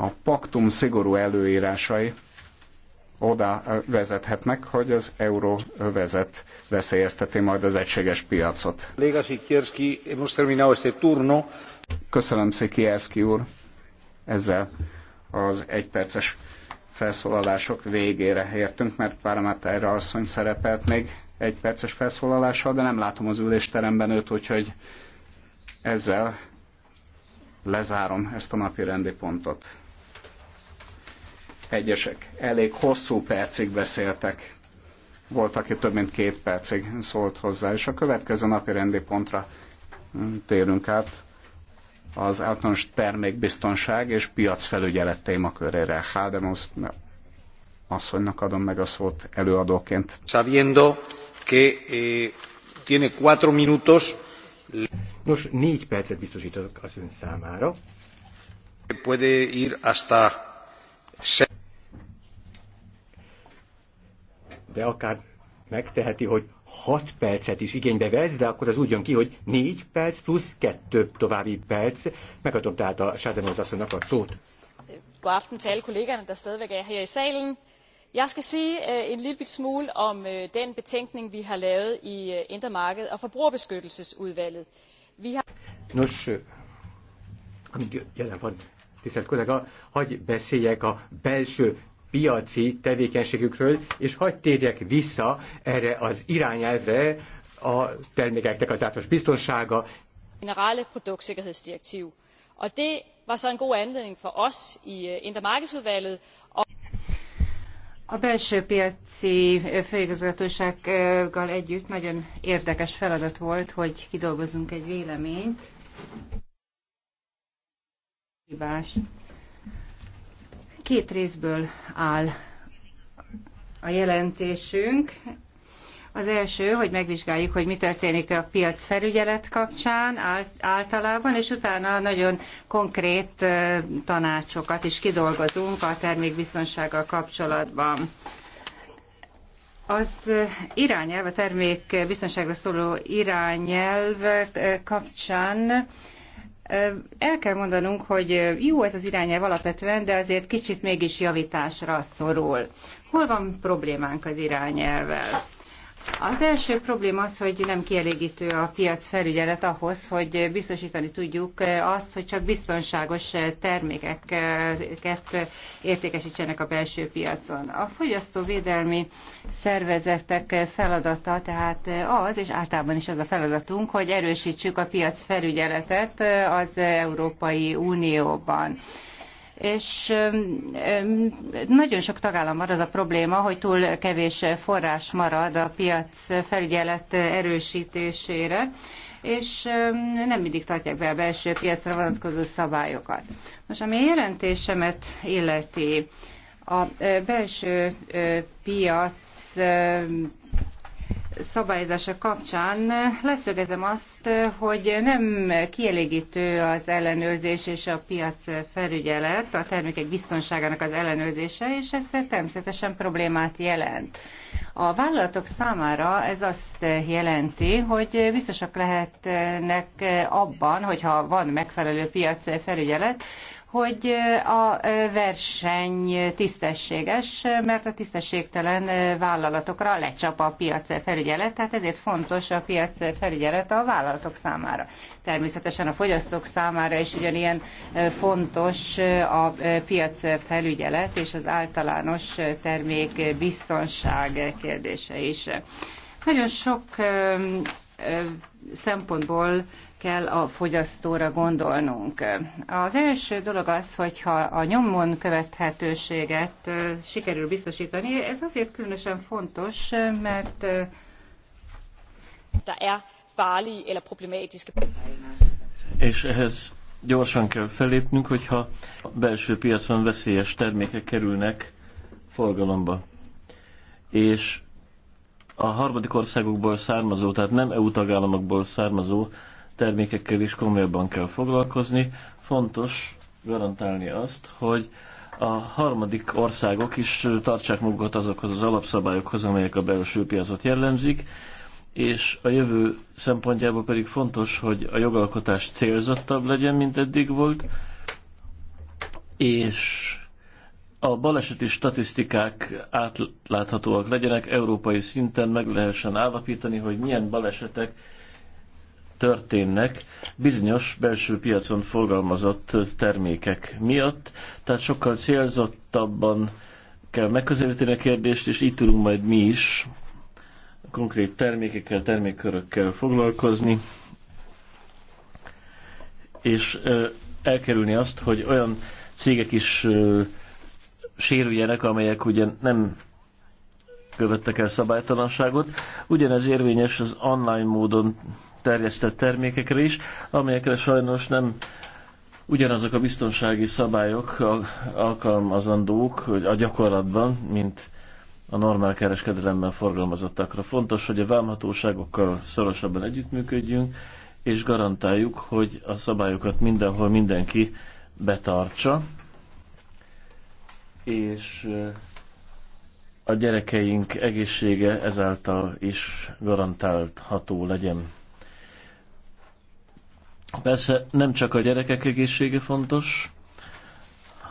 a paktum szigorú előírásai oda vezethetnek, hogy az euróvezet veszélyezteti majd az egységes piacot. Köszönöm, Szikierszki úr. Ezzel az egyperces felszólalások végére értünk, mert erre asszony szerepelt még egy perces felszólalással, de nem látom az ülésteremben őt, úgyhogy ezzel lezárom ezt a napi rendi pontot. Egyesek elég hosszú percig beszéltek, volt, aki több mint két percig szólt hozzá, és a következő napi rendi pontra mm, térünk át az általános termékbiztonság és piacfelügyelet témakörére. Hádemusz asszonynak adom meg a szót előadóként. Sabiendo que eh, tiene cuatro minutos. Nos, négy percet biztosítok az ön számára. Puede ir hasta de akár megteheti, hogy 6 percet is igénybe vesz, de akkor az úgy jön ki, hogy 4 perc plusz 2 további perc. Megadom tehát a Sádemoz asszonynak a szót. God aften til alle kollegerne, der stadigvæk er her i salen. Jeg skal sige uh, en lille bit smule om uh, den betænkning, vi har lavet i uh, Indre og Forbrugerbeskyttelsesudvalget. Vi har... Nos, amíg jelen van, tisztelt kollega, hagyj beszéljek a belső piaci tevékenységükről, és hagy térjek vissza erre az irányelvre a termékeknek az általános biztonsága. Generale produktsikkerhedsdirektiv. Og det var så en god anledning for os i øh, Indre a belső piaci øh, főigazgatósággal együtt nagyon érdekes feladat volt, hogy kidolgozzunk egy véleményt. Hibás. Két részből áll a jelentésünk. Az első, hogy megvizsgáljuk, hogy mi történik a piac felügyelet kapcsán általában, és utána nagyon konkrét tanácsokat is kidolgozunk a termékbiztonsággal kapcsolatban. Az irányelv, a termékbiztonságra szóló irányelv kapcsán el kell mondanunk, hogy jó ez az irányelv alapvetően, de azért kicsit mégis javításra szorul. Hol van problémánk az irányelvvel? Az első probléma az, hogy nem kielégítő a piac felügyelet ahhoz, hogy biztosítani tudjuk azt, hogy csak biztonságos termékeket értékesítsenek a belső piacon. A fogyasztóvédelmi szervezetek feladata tehát az, és általában is az a feladatunk, hogy erősítsük a piac felügyeletet az Európai Unióban és nagyon sok tagállam van az a probléma, hogy túl kevés forrás marad a piac felügyelet erősítésére és nem mindig tartják be a belső piacra vonatkozó szabályokat. Most ami a jelentésemet illeti, a belső piac szabályozása kapcsán leszögezem azt, hogy nem kielégítő az ellenőrzés és a piac felügyelet, a termékek biztonságának az ellenőrzése, és ez természetesen problémát jelent. A vállalatok számára ez azt jelenti, hogy biztosak lehetnek abban, hogyha van megfelelő piac felügyelet, hogy a verseny tisztességes, mert a tisztességtelen vállalatokra lecsap a piac felügyelet, tehát ezért fontos a piac felügyelet a vállalatok számára. Természetesen a fogyasztók számára is ugyanilyen fontos a piac felügyelet és az általános termék biztonság kérdése is. Nagyon sok szempontból kell a fogyasztóra gondolnunk. Az első dolog az, hogyha a nyomon követhetőséget sikerül biztosítani, ez azért különösen fontos, mert der er farlige eller problematiske. És ehhez gyorsan kell felépnünk, hogyha a belső piacon veszélyes termékek kerülnek forgalomba. És a harmadik országokból származó, tehát nem EU tagállamokból származó termékekkel is komolyabban kell foglalkozni. Fontos garantálni azt, hogy a harmadik országok is tartsák magukat azokhoz az alapszabályokhoz, amelyek a belső piacot jellemzik, és a jövő szempontjából pedig fontos, hogy a jogalkotás célzottabb legyen, mint eddig volt, és a baleseti statisztikák átláthatóak legyenek, európai szinten meg lehessen állapítani, hogy milyen balesetek történnek bizonyos belső piacon forgalmazott termékek miatt, tehát sokkal célzottabban kell megközelíteni a kérdést, és így tudunk majd mi is konkrét termékekkel, termékkörökkel foglalkozni, és elkerülni azt, hogy olyan cégek is sérüljenek, amelyek ugye nem követtek el szabálytalanságot. Ugyanez érvényes az online módon terjesztett termékekre is, amelyekre sajnos nem ugyanazok a biztonsági szabályok alkalmazandók hogy a gyakorlatban, mint a normál kereskedelemben forgalmazottakra. Fontos, hogy a vámhatóságokkal szorosabban együttműködjünk, és garantáljuk, hogy a szabályokat mindenhol mindenki betartsa, és eh, a gyerekeink egészsége ezáltal is garantálható legyen. Persze nem csak a gyerekek egészsége fontos,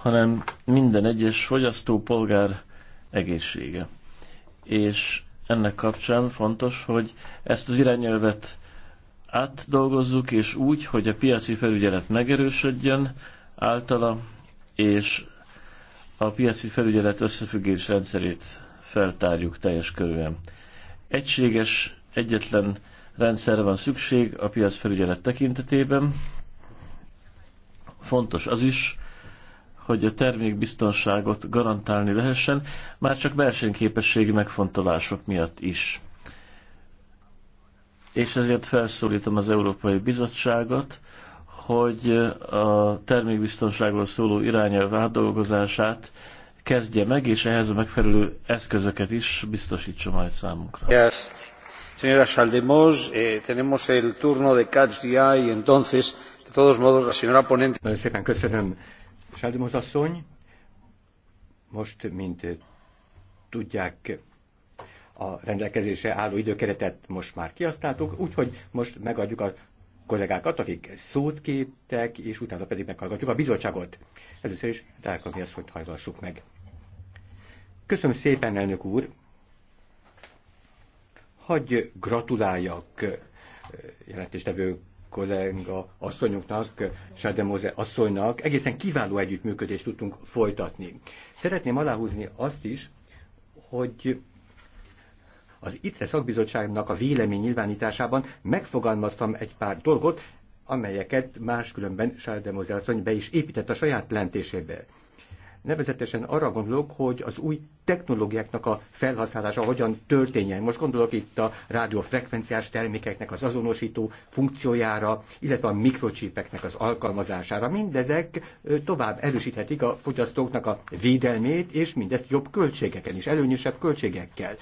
hanem minden egyes fogyasztó polgár egészsége. És ennek kapcsán fontos, hogy ezt az irányelvet átdolgozzuk, és úgy, hogy a piaci felügyelet megerősödjön általa, és a piaci felügyelet összefüggés rendszerét feltárjuk teljes körülön. Egységes, egyetlen rendszerre van szükség a piac felügyelet tekintetében. Fontos az is, hogy a termékbiztonságot garantálni lehessen, már csak versenyképességi megfontolások miatt is. És ezért felszólítom az Európai Bizottságot, hogy a termékbiztonságról szóló irányelv átdolgozását kezdje meg, és ehhez a megfelelő eszközöket is biztosítsa majd számunkra. Yes señora Chaldemose, eh, tenemos el turno de Catch the Eye, entonces, de todos modos, la señora ponente... Nagyon szépen köszönöm, asszony. Most, mint eh, tudják, a rendelkezésre álló időkeretet most már kihasználtuk, úgyhogy most megadjuk a kollégákat, akik szót képtek, és utána pedig meghallgatjuk a bizottságot. Először is Dálka hogy hajlassuk meg. Köszönöm szépen, elnök úr! Hagy gratuláljak eh, jelentéstevő kollega asszonyunknak, Sádemoze asszonynak. Egészen kiváló együttműködést tudtunk folytatni. Szeretném aláhúzni azt is, hogy az ITRE szakbizottságnak a vélemény nyilvánításában megfogalmaztam egy pár dolgot, amelyeket máskülönben Sádemoze asszony be is épített a saját lentésébe. Nevezetesen arra gondolok, hogy az új technológiáknak a felhasználása hogyan történjen. Most gondolok itt a rádiófrekvenciás termékeknek az azonosító funkciójára, illetve a mikrocsípeknek az alkalmazására. Mindezek tovább erősíthetik a fogyasztóknak a védelmét, és mindezt jobb költségeken is, előnyösebb költségekkel.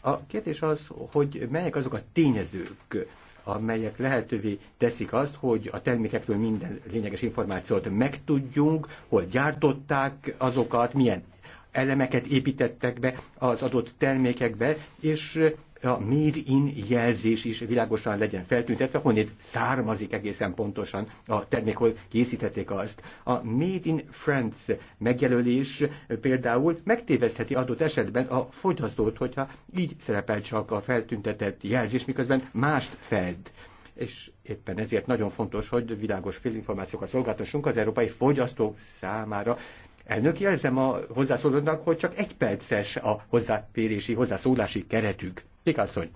A kérdés az, hogy melyek azok a tényezők, amelyek lehetővé teszik azt, hogy a termékekről minden lényeges információt megtudjunk, hol gyártották azokat, milyen elemeket építettek be az adott termékekbe, és a made in jelzés is világosan legyen feltüntetve, honnét származik egészen pontosan a termék, hogy készítették azt. A made in France megjelölés például megtévesztheti adott esetben a fogyasztót, hogyha így szerepel csak a feltüntetett jelzés, miközben mást fed és éppen ezért nagyon fontos, hogy világos félinformációkat szolgáltassunk az európai fogyasztók számára. Elnök, jelzem a hozzászólónak, hogy csak egy perces a hozzáférési, hozzászólási keretük. Picasszony.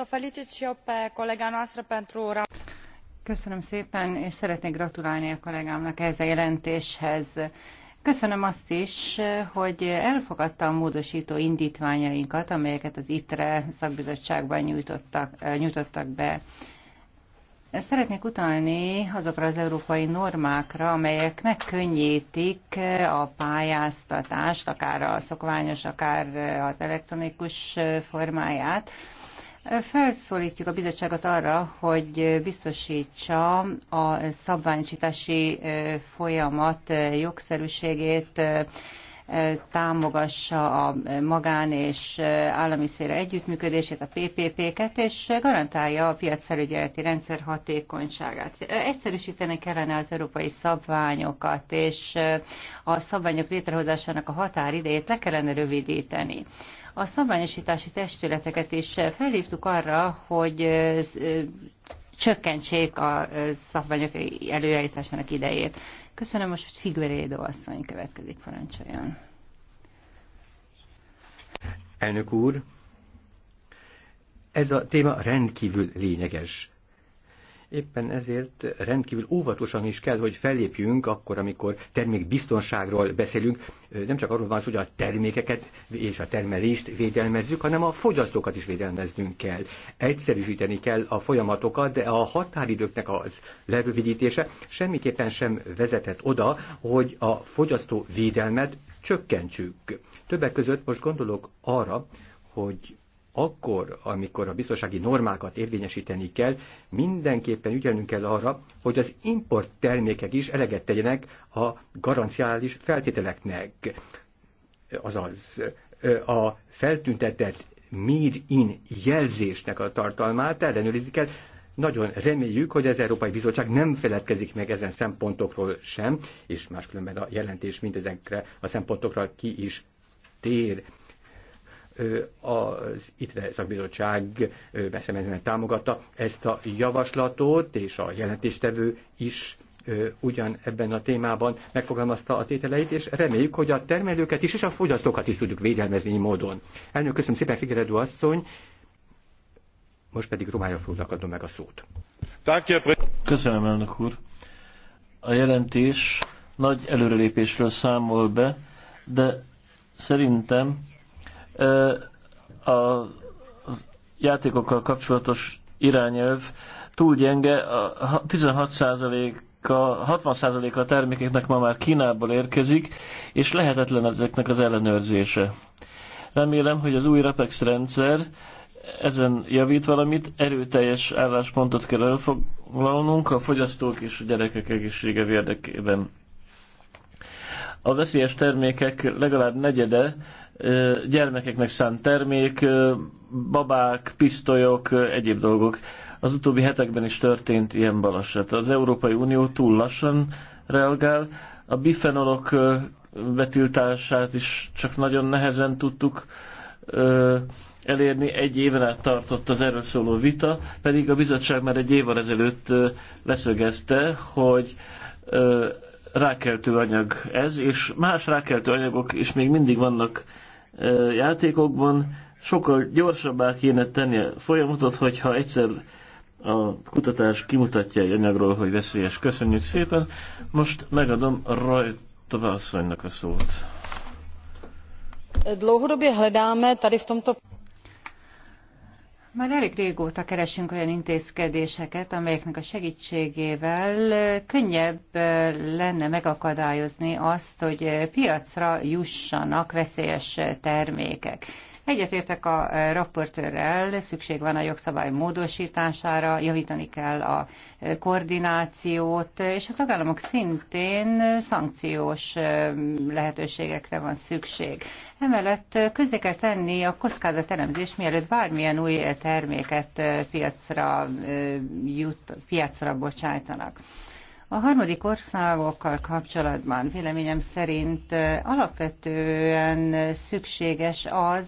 o felicit și eu pe colega noastră pentru Köszönöm szépen, és szeretnék gratulálni a kollégámnak ez a jelentéshez. Köszönöm azt is, hogy elfogadta a módosító indítványainkat, amelyeket az ITRE szakbizottságban nyújtottak, nyújtottak be. Szeretnék utalni azokra az európai normákra, amelyek megkönnyítik a pályáztatást, akár a szokványos, akár az elektronikus formáját. Felszólítjuk a bizottságot arra, hogy biztosítsa a szabványosítási folyamat jogszerűségét, támogassa a magán és állami szféra együttműködését, a PPP-ket, és garantálja a piacfelügyeleti rendszer hatékonyságát. Egyszerűsíteni kellene az európai szabványokat, és a szabványok létrehozásának a határidejét le kellene rövidíteni a szabványosítási testületeket is felhívtuk arra, hogy csökkentsék a szabványok előállításának idejét. Köszönöm, most Figueredo asszony következik, parancsoljon. Elnök úr, ez a téma rendkívül lényeges. Éppen ezért rendkívül óvatosan is kell, hogy fellépjünk akkor, amikor termékbiztonságról beszélünk. Nem csak arról van szó, hogy a termékeket és a termelést védelmezzük, hanem a fogyasztókat is védelmeznünk kell. Egyszerűsíteni kell a folyamatokat, de a határidőknek az lerövidítése semmiképpen sem vezethet oda, hogy a fogyasztó védelmet csökkentsük. Többek között most gondolok arra, hogy akkor, amikor a biztonsági normákat érvényesíteni kell, mindenképpen ügyelnünk kell arra, hogy az import termékek is eleget tegyenek a garanciális feltételeknek. Azaz a feltüntetett made in jelzésnek a tartalmát ellenőrizni kell. Nagyon reméljük, hogy az Európai Bizottság nem feledkezik meg ezen szempontokról sem, és máskülönben a jelentés mindezekre a szempontokra ki is tér az ITRE szakbizottság beszemezően támogatta ezt a javaslatot, és a jelentéstevő is ugyan ebben a témában megfogalmazta a tételeit, és reméljük, hogy a termelőket is, és a fogyasztókat is tudjuk védelmezni így módon. Elnök, köszönöm szépen, Figueredo asszony, most pedig Romája Fúrnak adom meg a szót. Köszönöm, elnök úr. A jelentés nagy előrelépésről számol be, de szerintem a játékokkal kapcsolatos irányelv túl gyenge, a 16%-a, 60%-a a termékeknek ma már Kínából érkezik, és lehetetlen ezeknek az ellenőrzése. Remélem, hogy az új Repex rendszer ezen javít valamit, erőteljes álláspontot kell elfoglalnunk a fogyasztók és a gyerekek egészsége érdekében. A veszélyes termékek legalább negyede gyermekeknek szánt termék, babák, pisztolyok, egyéb dolgok. Az utóbbi hetekben is történt ilyen baleset. Az Európai Unió túl lassan reagál, a bifenolok betiltását is csak nagyon nehezen tudtuk elérni. Egy éven át tartott az erről szóló vita, pedig a bizottság már egy évvel ezelőtt leszögezte, hogy rákeltő anyag ez, és más rákeltő anyagok is még mindig vannak játékokban sokkal gyorsabbá kéne tenni a folyamatot, hogyha egyszer a kutatás kimutatja egy anyagról, hogy veszélyes. Köszönjük szépen. Most megadom rajta asszonynak a szót. Dlouhodobě hledáme tady v tomto már elég régóta keresünk olyan intézkedéseket, amelyeknek a segítségével könnyebb lenne megakadályozni azt, hogy piacra jussanak veszélyes termékek. Egyetértek a e, raportőrrel, szükség van a jogszabály módosítására, javítani kell a e, koordinációt, és a tagállamok szintén szankciós e, lehetőségekre van szükség. Emellett közzé kell tenni a elemzés mielőtt bármilyen új terméket piacra, jut, piacra bocsájtanak. A harmadik országokkal kapcsolatban véleményem szerint alapvetően szükséges az,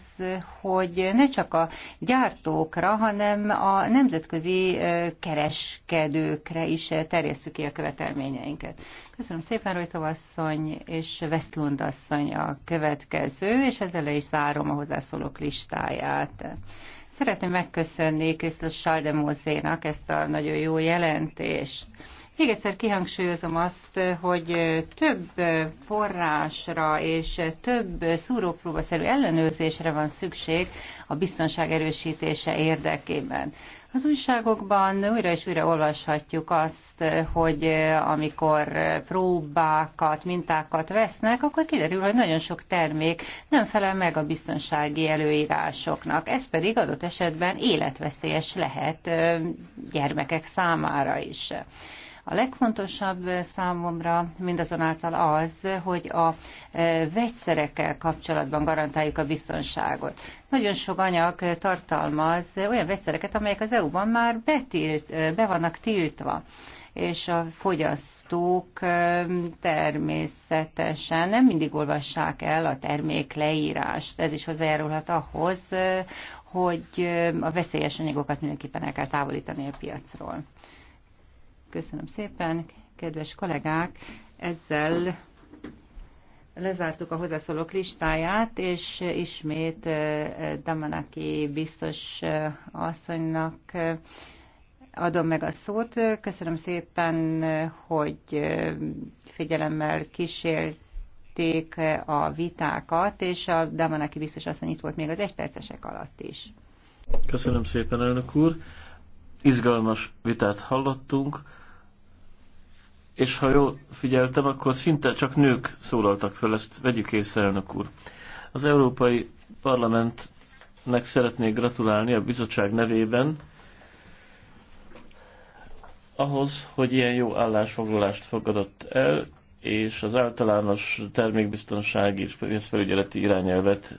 hogy ne csak a gyártókra, hanem a nemzetközi kereskedőkre is terjesszük ki a követelményeinket. Köszönöm szépen, Rojtó asszony és Westlund asszony a következő, és ezzel is zárom a hozzászólók listáját. Szeretném megköszönni Krisztus Saldemózénak ezt a nagyon jó jelentést. Még egyszer kihangsúlyozom azt, hogy több forrásra és több szúrópróbaszerű ellenőrzésre van szükség a biztonság erősítése érdekében. Az újságokban újra és újra olvashatjuk azt, hogy amikor próbákat, mintákat vesznek, akkor kiderül, hogy nagyon sok termék nem felel meg a biztonsági előírásoknak. Ez pedig adott esetben életveszélyes lehet gyermekek számára is. A legfontosabb számomra mindazonáltal az, hogy a e, vegyszerekkel kapcsolatban garantáljuk a biztonságot. Nagyon sok anyag tartalmaz olyan vegyszereket, amelyek az EU-ban már betilt, e, be vannak tiltva és a fogyasztók e, természetesen nem mindig olvassák el a termék leírást. Ez is hozzájárulhat ahhoz, hogy a veszélyes anyagokat mindenképpen el kell távolítani a piacról. Köszönöm szépen, kedves kollégák! Ezzel lezártuk a hozzászólók listáját, és ismét eh, Damanaki biztos eh, asszonynak eh, adom meg a szót. Köszönöm szépen, hogy figyelemmel kísérték a vitákat, és a Damanaki biztos asszony itt volt még az egypercesek alatt is. Köszönöm szépen, elnök úr! Izgalmas vitát hallottunk és ha jól figyeltem, akkor szinte csak nők szólaltak fel, ezt vegyük észre, elnök úr. Az Európai Parlamentnek szeretnék gratulálni a bizottság nevében ahhoz, hogy ilyen jó állásfoglalást fogadott el, és az általános termékbiztonsági és pénzfelügyeleti irányelvet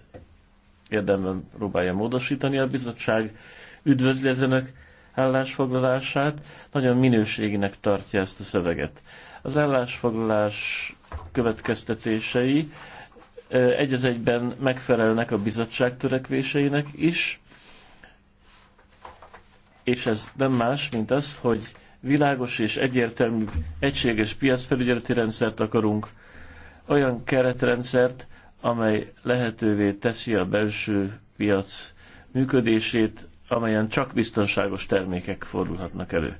érdemben próbálja módosítani a bizottság. Üdvözli ezenek állásfoglalását, nagyon minőséginek tartja ezt a szöveget. Az állásfoglalás következtetései egy az egyben megfelelnek a bizottság törekvéseinek is, és ez nem más, mint az, hogy világos és egyértelmű egységes piacfelügyeleti rendszert akarunk, olyan keretrendszert, amely lehetővé teszi a belső piac működését amelyen csak biztonságos termékek fordulhatnak elő.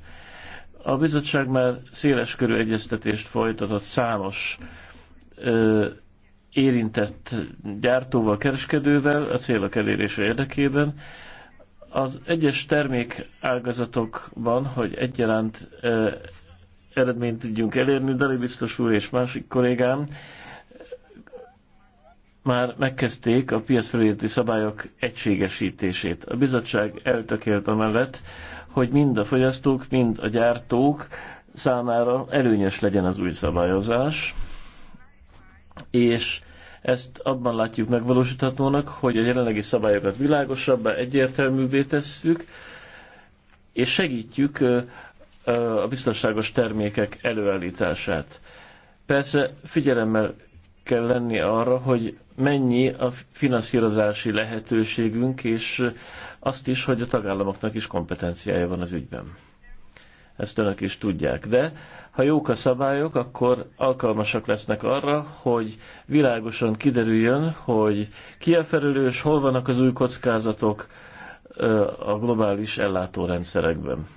A bizottság már széles körű egyeztetést folytatott számos ö, érintett gyártóval, kereskedővel a célok elérése érdekében. Az egyes termék ágazatokban, hogy egyaránt ö, eredményt tudjunk elérni, Dali biztos úr és másik kollégám már megkezdték a piacfelületi szabályok egységesítését. A bizottság eltökélt amellett, hogy mind a fogyasztók, mind a gyártók számára előnyös legyen az új szabályozás, és ezt abban látjuk megvalósíthatónak, hogy a jelenlegi szabályokat világosabbá, egyértelművé tesszük, és segítjük a biztonságos termékek előállítását. Persze figyelemmel kell lenni arra, hogy mennyi a finanszírozási lehetőségünk, és azt is, hogy a tagállamoknak is kompetenciája van az ügyben. Ezt önök is tudják. De ha jók a szabályok, akkor alkalmasak lesznek arra, hogy világosan kiderüljön, hogy ki a felelős, hol vannak az új kockázatok a globális ellátórendszerekben.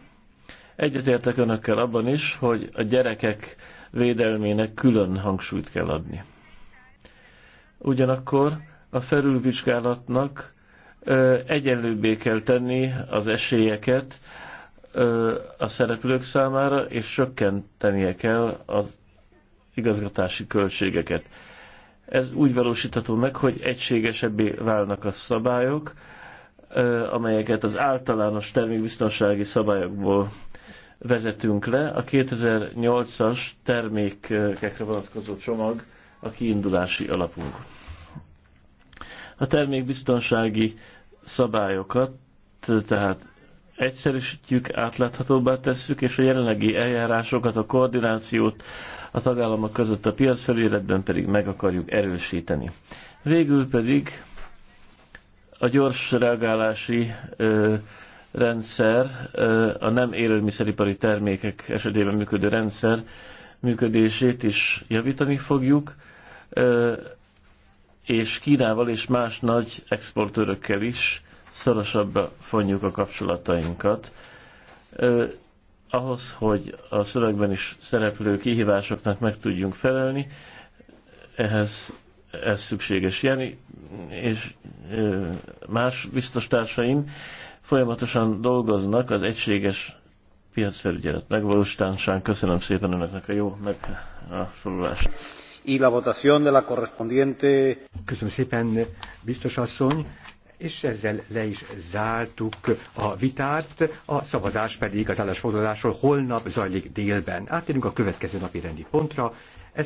Egyetértek önökkel abban is, hogy a gyerekek védelmének külön hangsúlyt kell adni. Ugyanakkor a felülvizsgálatnak egyenlőbbé kell tenni az esélyeket a szereplők számára, és csökkentenie kell az igazgatási költségeket. Ez úgy valósítható meg, hogy egységesebbé válnak a szabályok, amelyeket az általános termékbiztonsági szabályokból vezetünk le. A 2008-as termékekre vonatkozó csomag a kiindulási alapunk. A termékbiztonsági szabályokat tehát egyszerűsítjük, átláthatóbbá tesszük, és a jelenlegi eljárásokat, a koordinációt a tagállamok között a piacfelületben pedig meg akarjuk erősíteni. Végül pedig a gyors reagálási ö, rendszer, ö, a nem élelmiszeripari termékek esetében működő rendszer működését is javítani fogjuk és Kínával és más nagy exportőrökkel is szorosabbra fonjuk a kapcsolatainkat. Ahhoz, hogy a szövegben is szereplő kihívásoknak meg tudjunk felelni, ehhez ez szükséges. Jani és más biztostársaim folyamatosan dolgoznak az egységes piacfelügyelet megvalósításán. Köszönöm szépen önöknek a jó megszólalást y la votación de la correspondiente... Köszönöm szépen, biztos asszony, és ezzel le is zártuk a vitát, a szavazás pedig az állásfoglalásról holnap zajlik délben. Átérünk a következő napi rendi pontra,